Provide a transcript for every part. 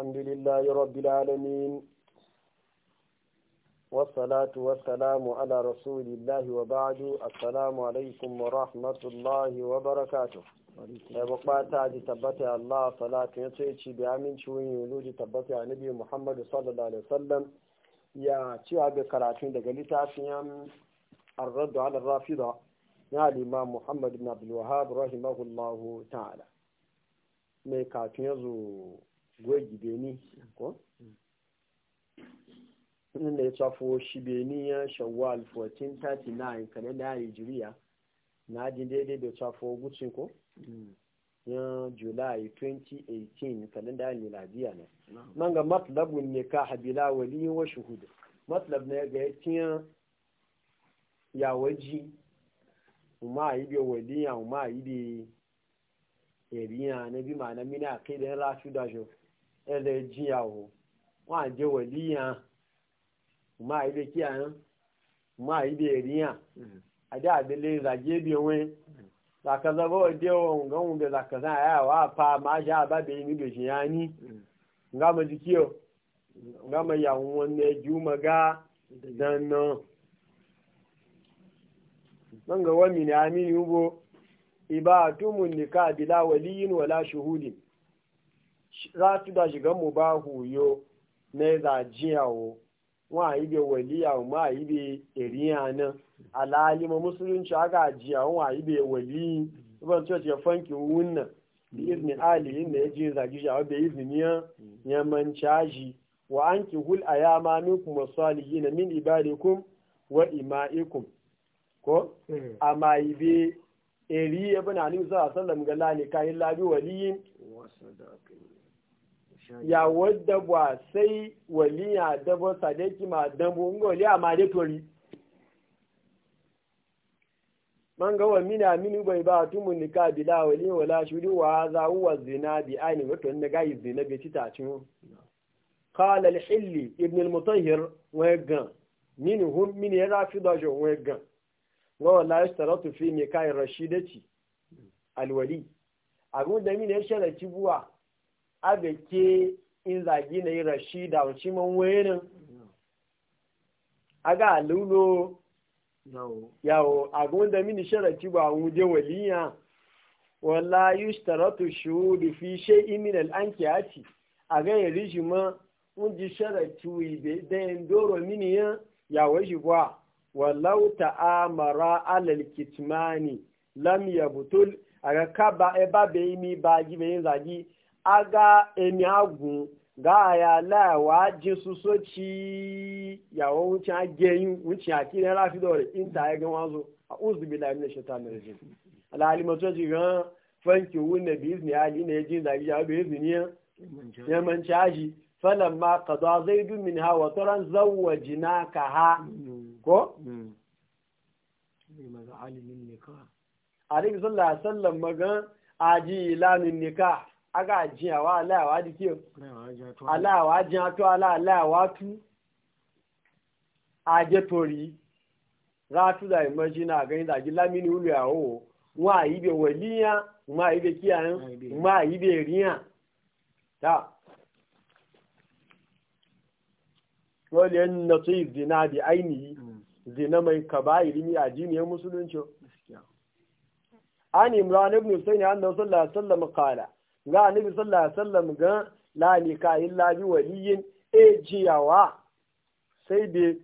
الحمد لله رب العالمين والصلاة والسلام على رسول الله وبعد السلام عليكم ورحمة الله وبركاته وقبات عدي تبتع الله صلاة يتعيشي بأمين شوين يولود تبتع نبي محمد صلى الله عليه وسلم يا شعب كراتين دقلتا فيهم الرد على الرافضة يا الإمام محمد بن عبد الوهاب رحمه الله تعالى mai kafin ya zo gwaji beni ko sunan da ya tsafo shi beni ya shawwal 1439 kalenda ya yi juriya na ajin daidai da tsafo gutsin ko mm. ya july 2018 kalenda ya miladiya ne man ga matlabun ne ka habila waliyin wa shuhudu matlab na ga ya ya waji ma yi biyo waliya ma yi biyo yariya na bi ma na mina kai da rasu da shi ẹlẹ jíyàwó wọn àjẹ wẹlí yàn mọ àyíbẹ kí àyàn mọ àyíbẹ èrí yàn àdé àdélé ìrajé bí wọn làkàtà bọ́ ọdẹ ọ̀hún gánwó bẹ làkàtà àyà wà pa màá ṣe àbábẹ yìí níbi òṣìyàn ni ní mọ ti kí o nga mọ ìyàwó wọn ní ẹjú mọ gá dáná wọn mìíràn ìbá àtúmù wẹlí yìí za su da shiga mu ba huyo na za wo wa yi be waliya wa yi be eriya alali mu musulunci aka jiya wa yi be wali ban church ya fanki wunna bi izni ali ne ya za zagi shawa be izni ya ya chaji wa anki hul ayama minkum salihin min ibadikum wa ima'ikum ko hmm. amma yi be eri ibn ali sallallahu alaihi wasallam ga lani kai labi waliyin ya wadda ba sai waliya dabo sadaki ma dambo nga waliya ma dai tori man ga wani na min ba tumun ka bila wali wala shudu wa za wa zina bi aini wato ne ga yi zina bi ta cin qala al hilli ibn al mutahhir wa gan hum min ya fi da jo wa gan wa wala istaratu fi nikai rashidati al wali abu da min ya sharati buwa abe ke in zagi na yi rashida wacce man a ga lulo yawo agun da mini sharati ba wuje waliya wala yushtaratu da fi a ci a ga aga yari ma unji sharati ibe dan doro mini ya yawo shi kwa a mara alal kitmani lam a ga kaba e babe mi ba gibe yin zagi aga emi agun ga ya aya laa waa jin soso tsi yawo ŋutsi agyeyin ŋutsi ati ne la fi dɔ re inta ye gan wa zo ɔsi bi la ye mi ne se ta ne zi ala alimɔtɔ ti gan fɛnki owu ne bi zi ne ali ne edi ndayi ya ebe ezi nia ne ma n tsi azi fɛnɛ ma kadɔ aze idu mi ni ha wa nzawu wɔ dzi na ka ha ko. alimisalaasalam ma magan aji ila ni nika. aga ajin àwa aláàwá di kí o aláàwá jin ató aláàwá tú ajẹ́tòrí rátú da lamini náà hmm. àgbẹ̀yìn dàjí lámínú olú àwọ̀ wọn àyíbẹ̀ wẹ̀líyàn wọn àyíbẹ̀ kí àrùn wọn àyíbẹ̀ ríyàn tá wọ́n lè nà tó zina mai kaba ilimi a jiniyar musulunci an imran ibn husayn qala ga annabi sallallahu alaihi wasallam ga la nika illa bi waliyin ejiyawa sai be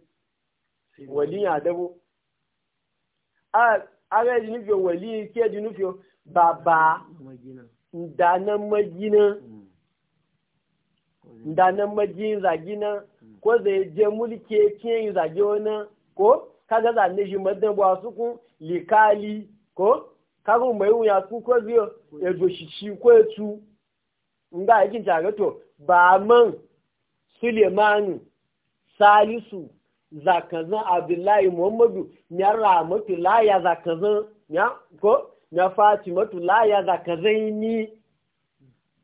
ya dabo a aga ji nufi wali ke ji nufi baba ndanan magina ndanan magin zagina hmm. ko zai je mulke kiyan zage wani ko kaga zane shi madan ba su kun likali ko kaga mai wuya sun ko biyo ya doshici ko ya tu nga yakin jagato ba man Sulemanu Salisu zakazan Abdullahi Muhammadu ya Ramatu laya zakazan ya ko ya Fatimatu laya zakazan ni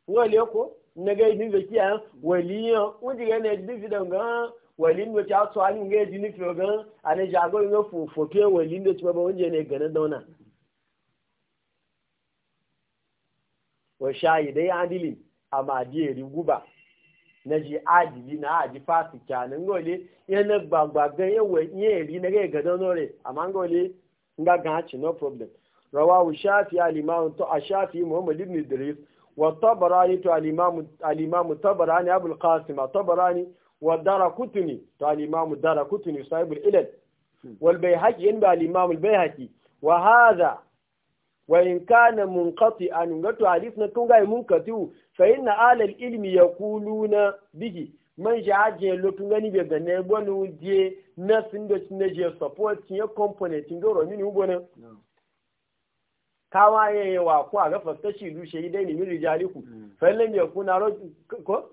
wale ko na ga idin zaki a waliyan wanda ga na idin fidan ga walin wacce a tsawani ga idin fidan ga a na jagorin ga fofoke walin ci ba wanda ne ganin dauna wa shahidai adilin amma diye riguba na ji adili na aji fasi kyanin gole yana gbagbagan yawa eri na gaya gadon nore amma gole nga gan ci no problem wa shafi alimamu to a shafi muhammad ibn idris wa tabarani to alimamu imam al-imam tabarani abul qasim ni wa kutuni to alimamu dara kutuni sahib ilal hmm. wal bayhaqi in ba alimamu imam al-bayhaqi wa hadha وإن كان منقطعا نغتو حديثنا تونغا منقطع فإن آل العلم يقولون به man shi ajiye lokacin gani bai ne bonu je na sun da cin je support cin ya component cin doro mini ugo nan kawa ya wa ko a ga fasta shi du dai ni miri jaliku fa lam yakuna ko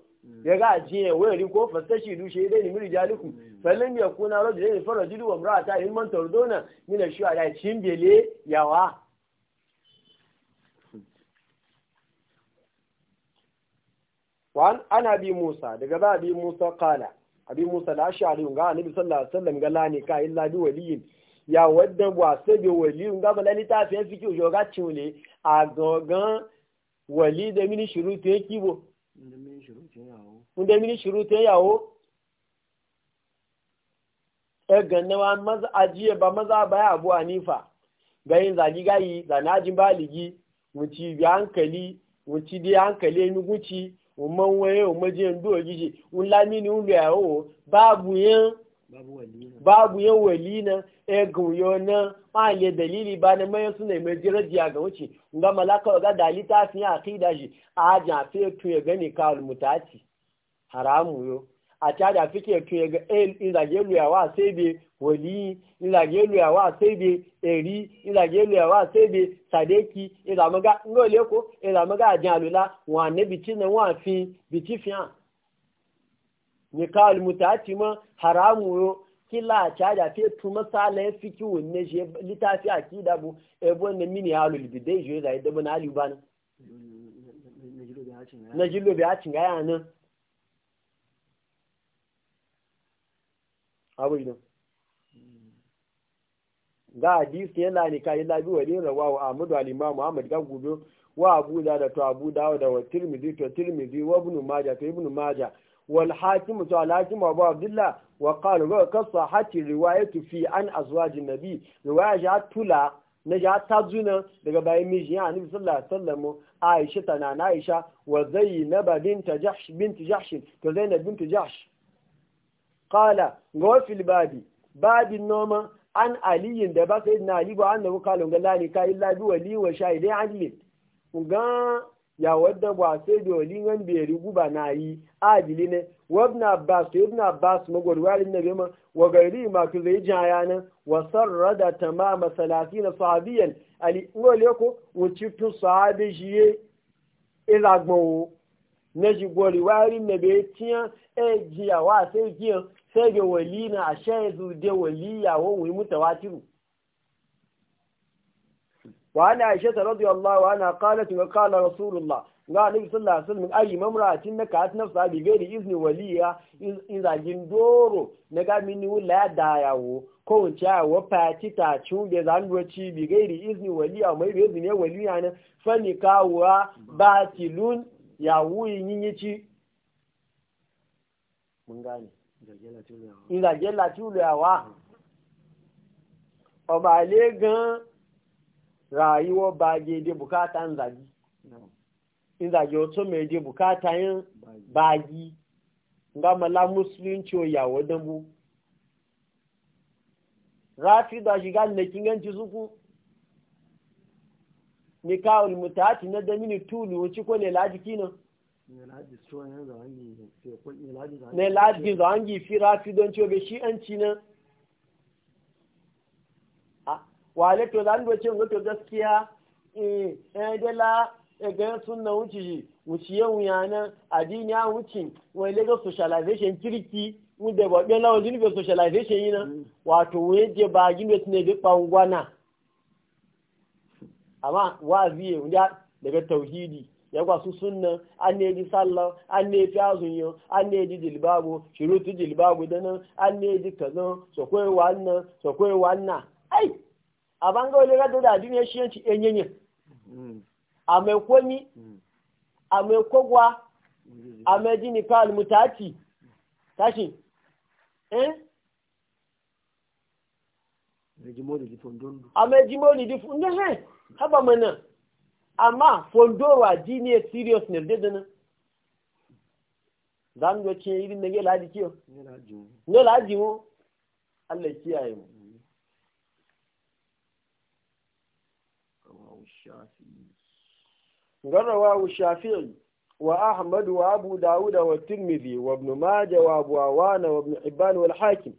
ya ga ajiye wayari ko fasta shi du shi dai fa lam yakuna wa in man cin bele yawa an ana bi musa daga za a bi musa kala a bi musa da ashe aliyu ga annabi sallallahu alaihi ga lani ka illa bi waliyin ya wadda bu ase bi waliyin ba lani ta fi yan wule a gangan wali da mini shiru ta yaki bo da mini shiru ta yawo maza ajiye ba maza ba ya abu anifa gayi zaji gayi zanajin baligi wuci bi hankali wuci bi hankali ni ọmọ wọn yẹn ọmọ jẹ́ ndó òjijì ni ń lè àwọ̀ báàbù yẹn báàbù yẹn wẹ̀lí na ẹgùn yọ náà máa lè dẹ̀lílì bá mẹ́yẹn súnà ìmẹ̀jẹrẹ di àgàn òkè ńgá malaka ọ̀gá dàlí tá a fi hàn àkídàjì àjà fẹ́ẹ́ tún nìkan a caja fike to ya ga el inzage luyawa sai be wali inzage luyawa wa be eri inzage luyawa wa be sadeki izama ga ngole ko izama ga ajan alula wa ne biti na wa fi biti fiya ni kal mutati ma haramu yo kila caja fe tu masala e fiki wonne je litafi akida bu e bonne mini alul bidai je da e da bana alubana na jillo bi a cin gaya nan abin ga hadisi yana ne kai labi wa Ahmadu wa ahmad wal muhammad ga gudu wa abu da da to abu da da wa tirmidhi to tirmidhi wa ibn majah to ibn majah wal hakim to al hakim abu abdullah wa qala wa kasa hati riwayatu fi an azwajin nabi riwaya ja tula na ja tazuna daga bayan miji ya annabi sallallahu alaihi wasallam aisha tana na aisha wa zainab bint jahsh bint jahsh to zainab bint jahsh qala wa fil babi babin noma an aliyin da ba sai na ali ba da ka lunga lani ka illa bi wali wa shahidai adli ga ya wadda ba sai da wali ngan bai rigu ba na yi adili ne wabna abbas ibn abbas magwarwari nabi ma wa gairi ma ku zai jaya nan wa sarrada tamama 30 sahabiyan ali le ko wuci tu sahabi jiye ilagbon o na jigbo riwari be tiyan e jiya wa sai jiyan sai ga wali a sha yanzu da wali yawon wuyi mutu watiru wa ana aisha ta radu yallah wa ana kala tun kala rasulullah ga nufi sallah a sulmin ayi mamuratin na kati na sabi beri izini wali in izagin doro na gami ni wula ya da yawo ko wuce a wa fati ta cunge za ni wace bi gairi izini wali a mai bezi ne wali ya nan fani kawuwa ba tilun yawo yin yi ci mun gane ìgbàjẹ́ láti ìlú àwá ọba ilé gan ràyíwọ́ bá jẹ́ èdè bukata ń zàjí ọ̀tọ́ mẹ́ èdè bukata yẹn bá yí ngámọ́lá musulunci òyàwó dánbó rafida shiga nakin ganci suku nikahul mutati na damini tulu wuci ko ne lajiki nan ne lajin zangi fira fi don ciwo an ci nan wale to zan cewa wato gaskiya eh, eh dala eh, ga sunna wuce shi wuce yau yana addini ya wuce wai ga socialization kirki mu da babe na wajen be socialization yana mm. wato je ba gine ne bi kwangwana amma wazi ya daga tauhidi yagwa sunsun na an ne ji sallah an ne fi azun yau an ne ji jilbabu shirutu jilbabu da nan an ne ji kazan sakwai wannan sakwai wannan ai a banga wani gado da duniya shi yanci yan e yanyan mm. a mai kwani mm. a mai kogwa mm. a mai ji ni kawal mutaci tashi eh a mai jimoli di fundun haba mana amma fondowa ji ne serious ne da dana za mu ga ce irin da ya laji kiyo ne ladi mu Allah kiyaye mu garawa shafi'i wa ahmad wa abu dawud wa tirmidhi wa ibn majah wa abu awana wa ibn hibban wal hakim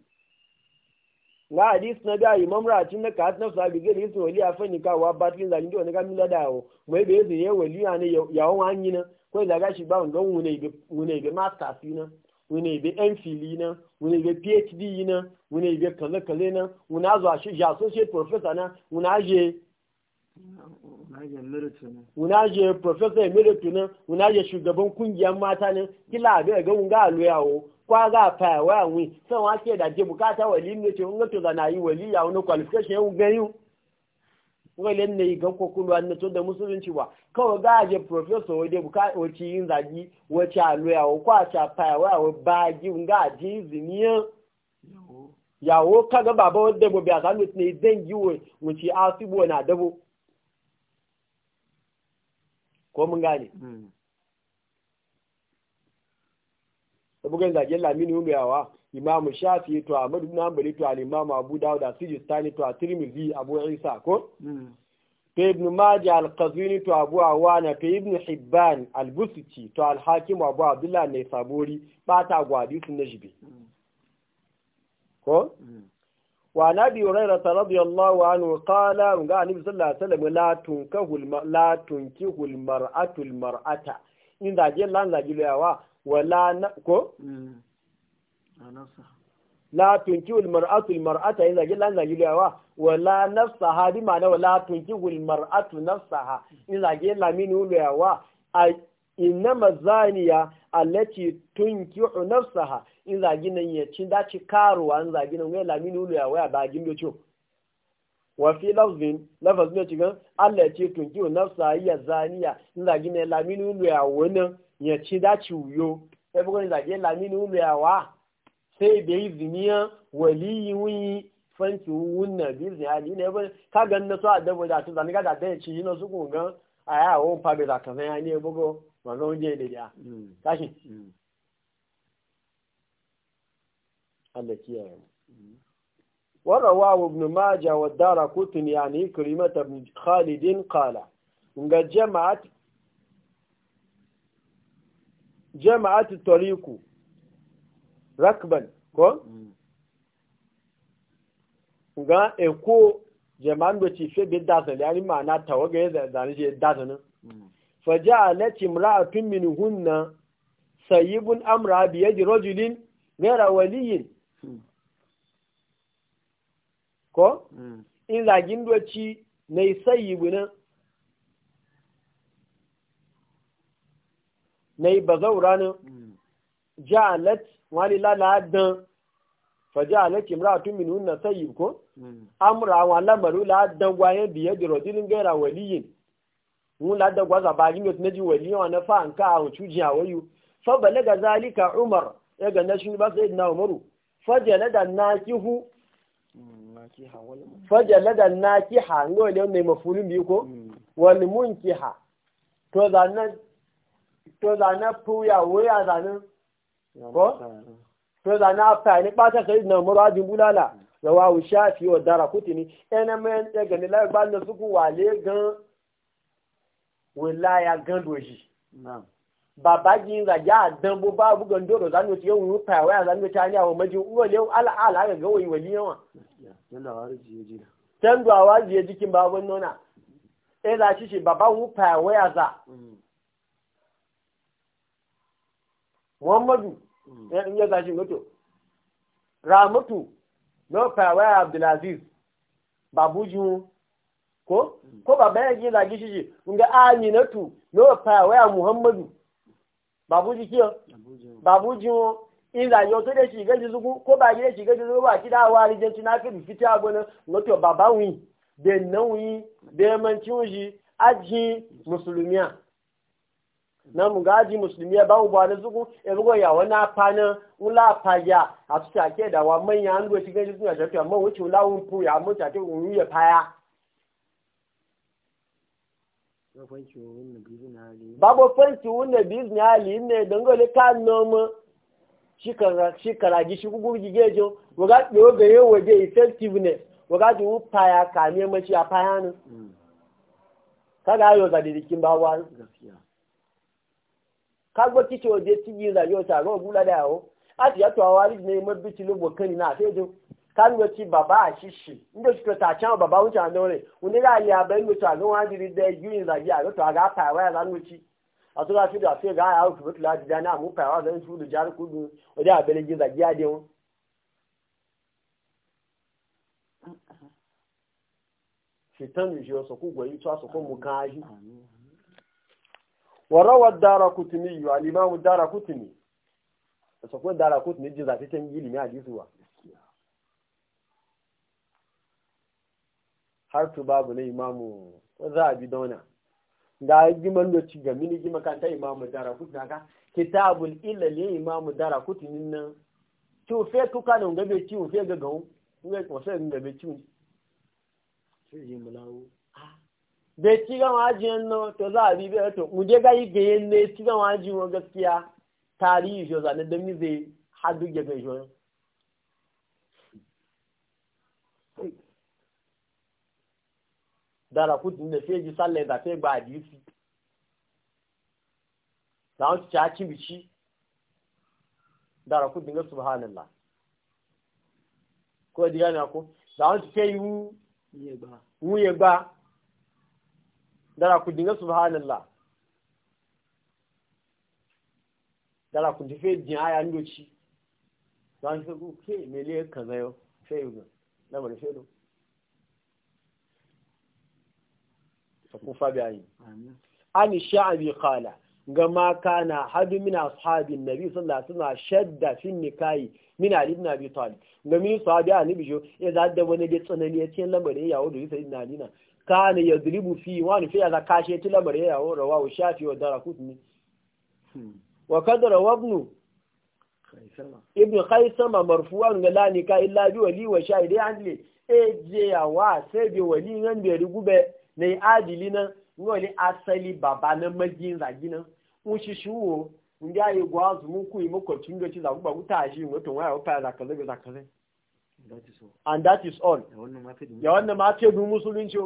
ga hadis na da imam ratin na ka na sabi ga hadis wali a fanni ka wa batin zani do ne ga mila da o mai be zai yawa liya ne yawon hanyi na ko da e ga shi ba ngan wune e be wune e be master fi na wune be mphil na wune be phd na wune be kaza kaza na wune azu a ya associate professor na wune aje wune aje professor emeritus na wune aje shugaban kungiyar mata ne kila abin ga wunga aloyawo kwaga fa wa wi san wa ke da je bukata wali ne ce ungato da nayi wali ya wani qualification yau ga yau ko le ne ga ko kullu an to da musulunci ba kawai ga je professor wa de bukata ci yin zagi wace aloya wa kwa cha fa wa wa ba ji unga ji ziniya ka kaga baba wadda gobe a sanu ne zan yi wa wuce asibo na dabo ko mun gane hmm. bugan zage lamini hundu yawa imamu shafi to ahmadu ibn hanbali to al-imam abu dawud as-sijistani to at-tirmidhi abu isa ko hmm. to ibn majah al-qazwini to abu awana to ibn hibban al-busici to al-hakim abu abdullah ne sabori bata gwadi sun najibi hmm. ko hmm. wa nabi hurairah radiyallahu anhu qala ga annabi sallallahu alaihi wasallam la tunkahu la tunkihu al-mar'atu al-mar'ata in zage lan zage yawa wala na لا la المرأة المرأة إذا جل أن in zagi lan zagi lawa wala nafsaha bi ma'ana wala tunki wal mar'atu nafsaha in zagi lamini lawa in zagi nan ya cin daci karuwa in zagi nan wai lamini uluya waya ba gin docho wa fi lafzin lafazin ne cikin allati tunkihu nafsaha ya zaniya in nan lamini wani. ya ci dace wuyo sai bugun zage lamini uluyawa sai da iziniya waliyi wuyi fanki wunna bi izini hali ni ba ka ga na so a dabo da su zaniga da dai yi na su kun ga a wo da kan ya ne da ya Allah kiyaye mu ورواه ابن ماجه والدار يعني كريمة خالد قال جمعت jama'atu tariku rakban ko ga eko jama'an da ce fi bin dasa da yari ma'ana tawaga ya zane shi dasa nan faja alati mura'afin min hunna bun amra bi ji rojulin ghayra waliyin ko hmm. in zagin doci nay sayyibuna na yi ba zaura ne jalat wani laladan fa ja'alat imra'atun min hunna sayyib ko amra wa lamaru ladan gwaye biye da rajulin gaira waliyin mun ladan gwa za ba zabari ne tunaji waliyin wa na fa an ka an cuji a wayu fa balaga zalika umar ya ga na shi ba sai na umaru fa jalada nakihu fa jalada nakiha ngole ne mafulun biyu ko mm. wal munkiha to zanan to zana puya wuya zanin ko to zana fa ni ba ta sai na murajin bulala rawahu shafi wa dara kutini ene men e gani la ba na suku wale gan gan doji baba gan doro zanu ti yau pa wa zanu ta ni awo maji uwa le ala ala yi wali yawa yalla harji yaji tan duwa waji yaji muhammadu ya hmm. ɗin eh, ya zashi mutu ramatu na kawai abdulaziz babujin ko hmm. ko baba yake zage shi nga aminatu na pa waya muhammadu babuji kiyo babuji wo in zage yo da da shi gaji ko ba gida shi gaji ba kida wari je tuna ka bi fita gona wato baba wi de nan wi de man wuji shi musulmiya na gaji musulmi ya bamu ba na zugu ya bugo ya wani afanin wula faya a su take da wa manya an goci gaji suna shafi amma wuce wula wun ya mun take wun ya faya babu fanci wunna bizin hali ne dangole ka noma shi karagi shi gugu gigejin waga ɗaya ga yau waje effectiveness waga ji wu faya kame mace a faya nan mm. kaga yau zadirikin bawa kagbọ́ kíkẹ́ òde tí yìí rà yóò tààrọ̀ ògúnládà ó láti yàtọ̀ àwọn arí ní a bíi ti ló wọ̀kan nínú àfẹ́jọ́ kágbọ́ ti bàbá àṣìṣì nígbà tí kọta àti àwọn bàbá oúnjẹ àná ta onílà ayé abẹ́ ń gbèsò àlọ́ wọn adìrí dẹ yú ìrìn àjẹ àlọ́tọ̀ àgá pàrọ̀ àrà lóṣì àtúrà fídíò àfihàn àyà òkè bó tilá dìda náà mú pàrọ̀ àrà lóṣì fúdù járùkú gun òde àbẹ̀lẹ̀ jẹ́ ìrìnàjẹ́ adé wọn. ṣètàn ìṣe yi gbọ̀yìn tó àsọ̀kú mú kan ayé. وروى الدارقطني الإمام الدارقطني سكون الدارقطني جزا تكن يلي ما har tu babu na imamu za a bi dauna ga giman da ga mini gima kanta imamu dara kutu haka kitabul illa ne imamu dara kutu nan ci ufe kuka ga bai ci ufe ga gawo ci ufe sai yi bai ci gama ajiyan nan to za a bibiyar to mu je ga yi gayen ne ci gama ajiyan wa gaskiya tarihi shi zane don mi zai hadu ya kai shi dara kutu da sai ji sallai da sai ba hadisi da wasu ci haci bici dara kutu ga subhanallah ko diga na ko da wasu sai yi wuye ba dara ku dinga subhanallah dara ku dife din aya ci dan sai ku ke mele ka zayo sai yugo na mun sai do ku fa bi ayi ani sha'abi qala gama kana hadu min ashabin nabi sallallahu alaihi wasallam shadda fi nikahi min ali ibn abi talib gami sahabi ani bijo ya e zadda wani da tsanani ya ce lambarin yawo da sai na kana yadribu fi wani fi za kashe ti lamar ya yawo rawahu shafi wa ne wa kadara wabnu ibn khaisama marfu'an ga la ka illa bi wali wa shahidi adli e je wa sai bi wali nan bi rigube ne adili nan ngoli asali baba na majin zagi nan ushi shuwo ndi ayi gwazu muku imoko tungo ci za kuba utaji moto wa opa za kaze za kaze and that is all ya wannan ma fi du musulunci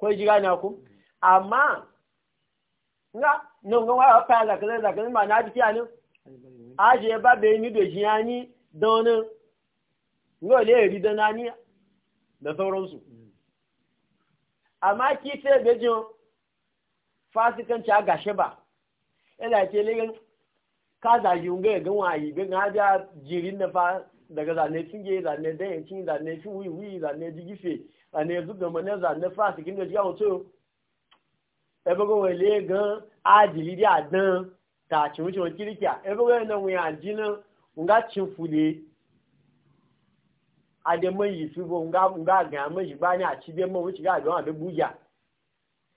ko ji gane ku amma nga no nga wa pa la kale da kale ma na bi ti anu a je ba be ni do jiya ni don ngo le ri don ani da su amma ki ce da jin fasikanci a gashe ba ila ke le ka zaji unga ga wayi ga ga jirin da fa daga zane finge zane dayanci zane fi wiwi zane jigife zane zuga mana zane fasi kin da jiya wato ebe go wele gan ajili di adan ta chi wuce won kirikiya ebe go na wi na, nga cin fule ade mo yi su bo nga nga gan mo yi ba ni achi de mo wuce ga don abe buya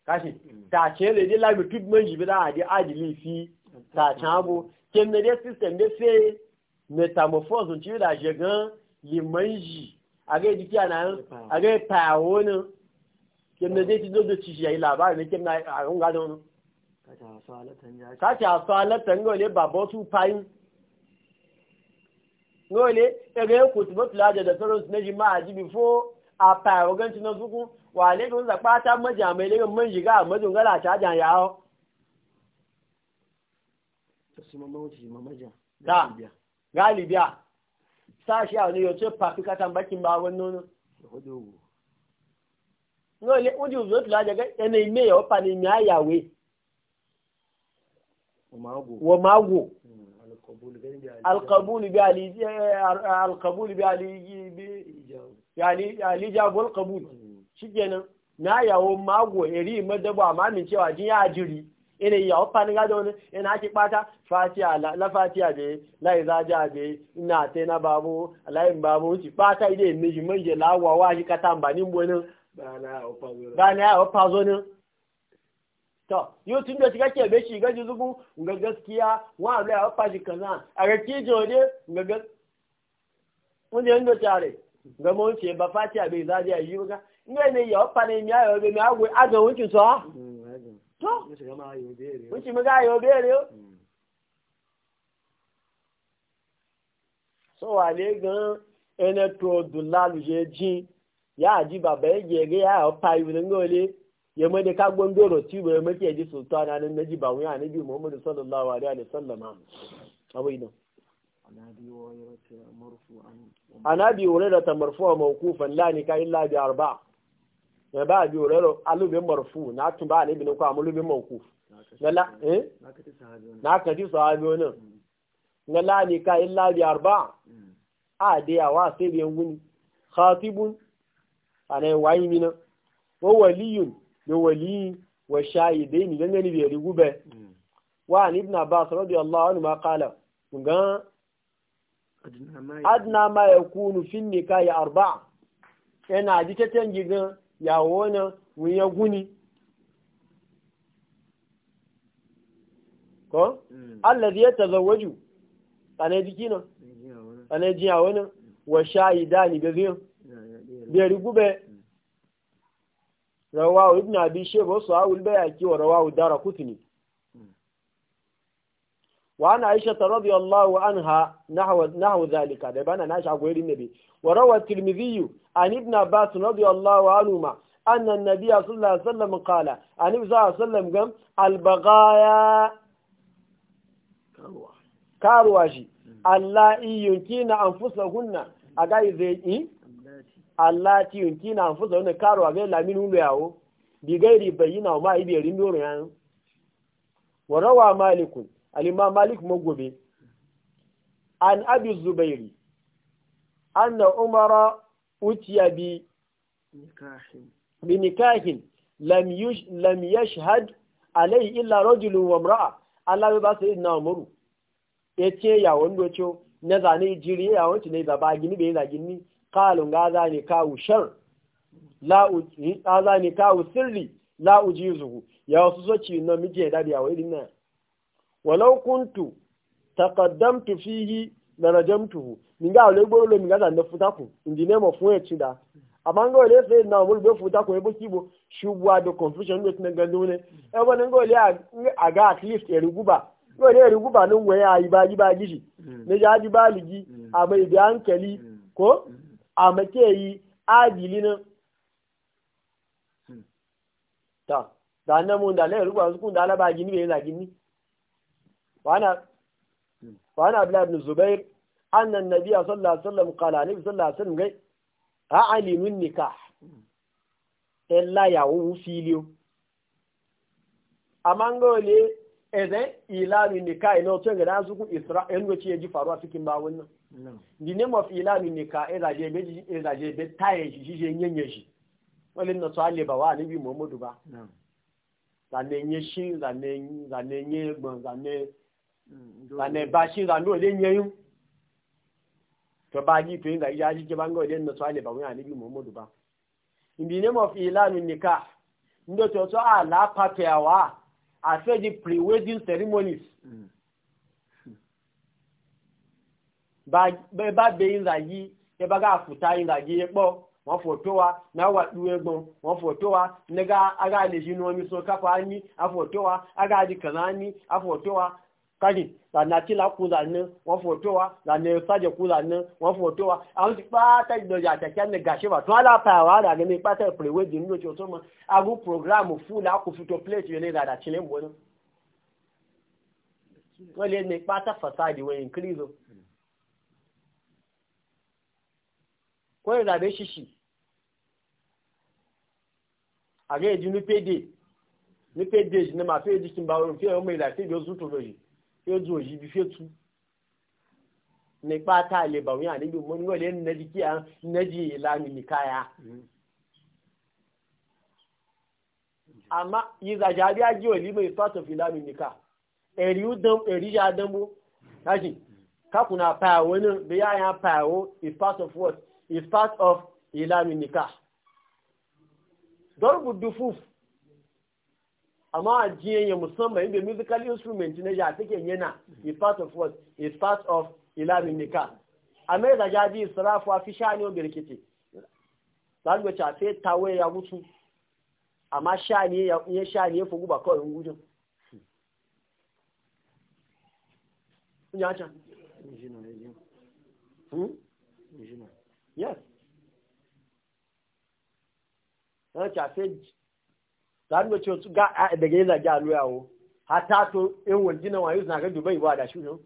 kashi mm. ta che le de la bi pigment yi bi da adi, ajili fi ta mm. chan bo kem ne de system de fe metamorphose ci da shigan limanji a ga diki a nan a ga tawo nan kimna zai ci zozo ci shi ya yi labarin na kimna a kan gada wani kaci a salatan ga wale babba su fayin ga wale ɗaga yin kutuba da sauransu na jima a ji bifo a fayawa ganci na suku wa ne kan zaɓa ta maja mai legan man shiga a gala ta jan yawo. Ta su mamaji mamaja. Da. galibi a sashi a wani yau fafi bakin ba wani nono no le uji uzo tula daga yana ime ya wafa ne ya yawe wa mago hmm, alkabulu bi alkabulu eh, bi ali bi ali jabu alkabulu hmm. shikenan na yawo mago eri madaba àmàmì tí cewa jí yá ajiri ina iya yawon fani gada wani ina ake kpata fatiya la fatiya be lai zaja ina te na babu layin babu wuce kpata ide meji manje lawa wa shi kata ambanin ba na to tun da shiga ke be shi gaskiya wa kaza a rake ga gaskiya wanda yin da tare ga mawuce ba fatiya bai zaja yi ba ga ne ne be ha tó ó sì mú ká yóò béèrè ó. sọ wà lé gan ẹni tó dùn lálùjẹ jín yáà jí bàbá ẹ jẹ ba àá pa ìwé muhammadu sallallahu alaihi wa sallam àwọn ìdán. anabi wọlé rẹ ta marfu wa mawkufan la nika illa bi arba'a. na eh, ba bi orero alubi marfu na tun ba ne binin ko amulubi manku ngala eh na ka ti sahabi wannan ngala ni ka illa bi arba a de wa sai bi nguni khatibun ana wayi mina wa waliyun bi wali wa shahidain dan ne bi rigube wa an ibn abbas radiyallahu anhu ma qala ngan adna ma yakunu fi nikahi arba yana ji ta tangi gan yawo na ya guni ko mm. allazi yatazawwaju ana jiki na ana jiya wani wa shahidani ga zai bai rigube mm. rawahu ibn abi shayba sahul bayaki wa rawahu darakutni وعن عائشة رضي الله عنها نحو, نحو ذلك دبانا ناشا غير النبي وروى الترمذي عن ابن عباس رضي الله عنهما أن النبي صلى الله عليه وسلم قال عن النبي صلى الله عليه وسلم قام البغايا كارواجي اللائي ينكين أنفسهن أغاي ذي اللاتي ينكين أنفسهن كارواجي لامين هم بغير بينا وما يبيرين دوريان وروى مالكون al-imam malik magobe an abi zubairi anna umara utiya bi nikahin lam yush lam yashhad alayhi illa rajul wa imra'a Allah ba sai na umuru yace ya wando cho na zane jiri ya wanci ne baba gini bai zagi gini kalun ga zane kawu shar la uji azane kawu sirri la uji zuhu ya wasu soci na mije da biya wai dinna walau kuntu taqaddamtu fihi la rajamtuhu minga ole gboro le minga na futa ku ndi name of where chida amanga ole fe na mo be futa ku ebo kibo shubwa do confusion with na gando ne e wona ngo ole aga at least e ruguba ngo ole ruguba no we ayi ba ji ba ji mm. ne ja ji ba ligi mm. ama ibi ankeli mm. ko amake yi ajili na ta da na mo nda le ruguba su da ala ba ji ni be la ji ni وعن عبد ابن الزبير ان النبي صلى الله عليه وسلم قال عليه صلى الله عليه وسلم أعلم النكاح الا إلا في فيليو اما قولي اذا الى النكاح إنه تنجد اسراء إسراء إنه يجي فاروا فيكم باونا دي نيم اوف الى النكاح اذا جي إذا جيبه إذا جيبه جي جي نينيجي ولن نصالي بوا نبي محمد با نعم زانينيشي زانينيشي زانينيشي bane ba shi zanu wa zai to ba ji to yin ya ji ban ga wajen nasu ale ba muhammadu ba in the name of ila nikah ndo to ala papeawa a fe di pre wedding ceremonies ba mm. ba be yin da yi e ba ga futa yin da yi e po wọ́n fòtó wa náà wà egbon wọ́n fòtó wa e aga lè omi ní afòtó wa aga kànáà ní afòtó wa kaji lànà tí lákú lànà wọn fò tó wa lànà ìfàjẹ kú lànà wọn fò tó wa àwọn ti pátá ìdọjà àtẹkẹ ní gàṣẹwà tí wọn lápá àwọn àrà ní pátá ìpèwé nínú mọ fún plate yẹn ní ìdàdà tí lè wọ́n ní pátá fasadi wọ́n increase o. wọ́n lè dàbí ṣíṣì. àgẹ́ ìdí ní pédè ní pédè ní màá fẹ́ẹ́ di kí bá wọn fi ọmọ ìlà ìdí tó fẹ́ zuwa shi bi fẹ́ tu ne ba ta le ba wuya ne bi mun wale na jiki an naji ilami ni kaya amma yi zajabi a ji wali mai sort of ilami ni ka eri udan eri ya dan bo kashi ka kuna pa wani bi ya ya pa wo is part of what is part of ilami ni ka dorbu dufuf amma ajiye ya musamman inda musical instrument na ya take yana is part of what is part of ilamin nika a mai zaga ji israfu a fi shani obin rikici Za a sai tawaye ya mutu amma shani ya shani ya fugu ba kawai gudun Nyacha. Hmm? Yes. Nyacha sai zan ga cewa ga daga yi zage a loyawo hata to yan wajinan wayo na ga dubai ba da shunan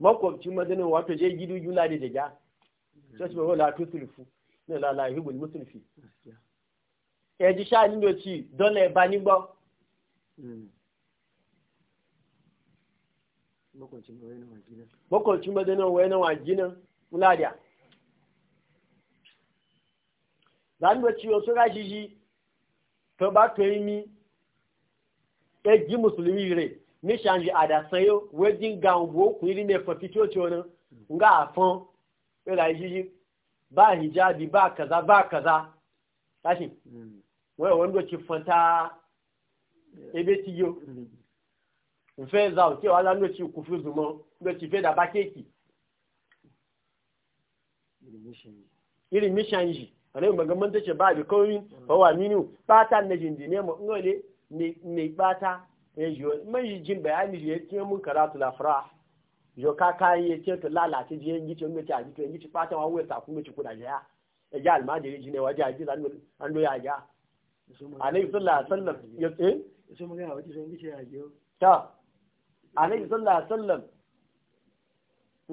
makwabcin madanin wato je gidu jula da daga sai su bai la tusrifu ne la la yuhibul musrifi e ji sha ni doci dole e makwabcin madanin wajinan makwabcin madanin wayo na wajinan muladiya zanwa ciwo su gashi shi to ba to yi mi eji musulmi re ni shanji adasayo wejin gango ku iri ne fafi coci wani nga afon ila e shi ba hijabi ba kaza ba kaza tashi mm. wai wanda ci fanta ebe ti yo nfe mm. za o cewa ala ndo ci kufi zumo ndo ci fe da ba keki iri mi shanji ane ba gaman tace ba bi kawai ba minu na jindine mu ngole ne bata ya jiyo man yi jin bayani je ke mun karatu la fara Jo ka ka yi ce to lalace je yin gice mun ta ji to gice bata wa wata kuma ci kuda ya ya e ja almajiri jine waje aji zan an do ya ja alayhi sallallahu alaihi eh? ya ce so mun ga sun gice ya jiyo ta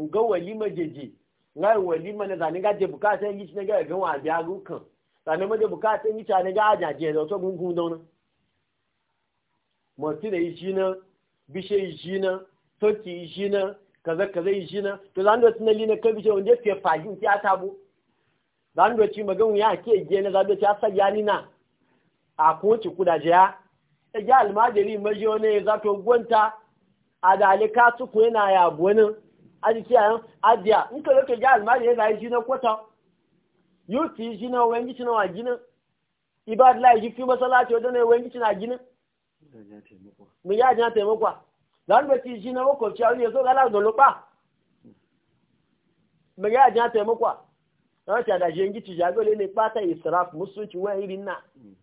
ga walima jeje ngai wali mana zani ga je bukata yi shi ga ga wa biya kan zani e ma je bukata yi ta ne ga aja je da to gungun don nan moti da yi shi na bishe yi shi na toki yi shi na kaza kaza yi shi na to zan da tunali na kabi je wanda ke fajin ti atabo zan da ci magan ya ke je na zan da ci asa yani na a ko ci kudaje ya ya almajiri majiyo ne za to gwanta adalika su ko yana yabonin a ayan adiya in ka loke ga almari ya zai jina kwata yuti jina wengi cina wa na ibad la yi fi masallaci wajen ne wengi cina gina mu ya jan taimako zan ba ti jina wako ci aure so gala a lopa mu ya jan taimako ran ta da jengi ti jago le ne pata israf musu ci na hmm.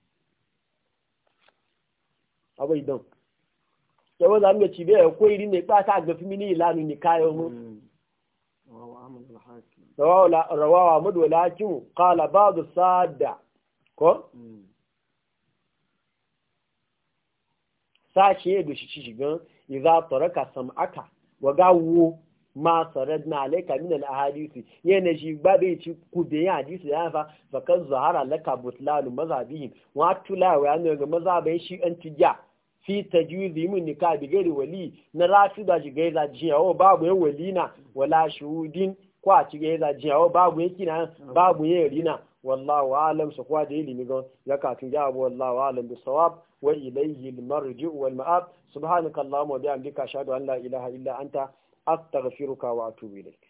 yawon zamu ci bai ko iri ne ba ta ga fimini ilanu ni kayo mu rawawa madu lakin qala ba'du sadda ko sashe da shi shigan ka taraka aka wa ga gawo ma saradna alayka min al-ahadisi yana shi ba bai ci kube yin hadisi ya fa fa kan zahara laka butlanu mazhabihim wa tulawa ya ne ga mazhabai shi an tijja fi tajwizi min nikah bi gari wali na da shi gaiza jiya o babu wali na wala shuhudin ko a ci gaiza jiya o babu ya kina babu ya yan na wallahu alam su kwa da ilimi ga ya kafin ya abu wallahu alam bi sawab wa ilayhi al marji'u wal ma'ab subhanakallahumma wa bihamdika ashhadu an la ilaha illa anta astaghfiruka wa atubu ilayk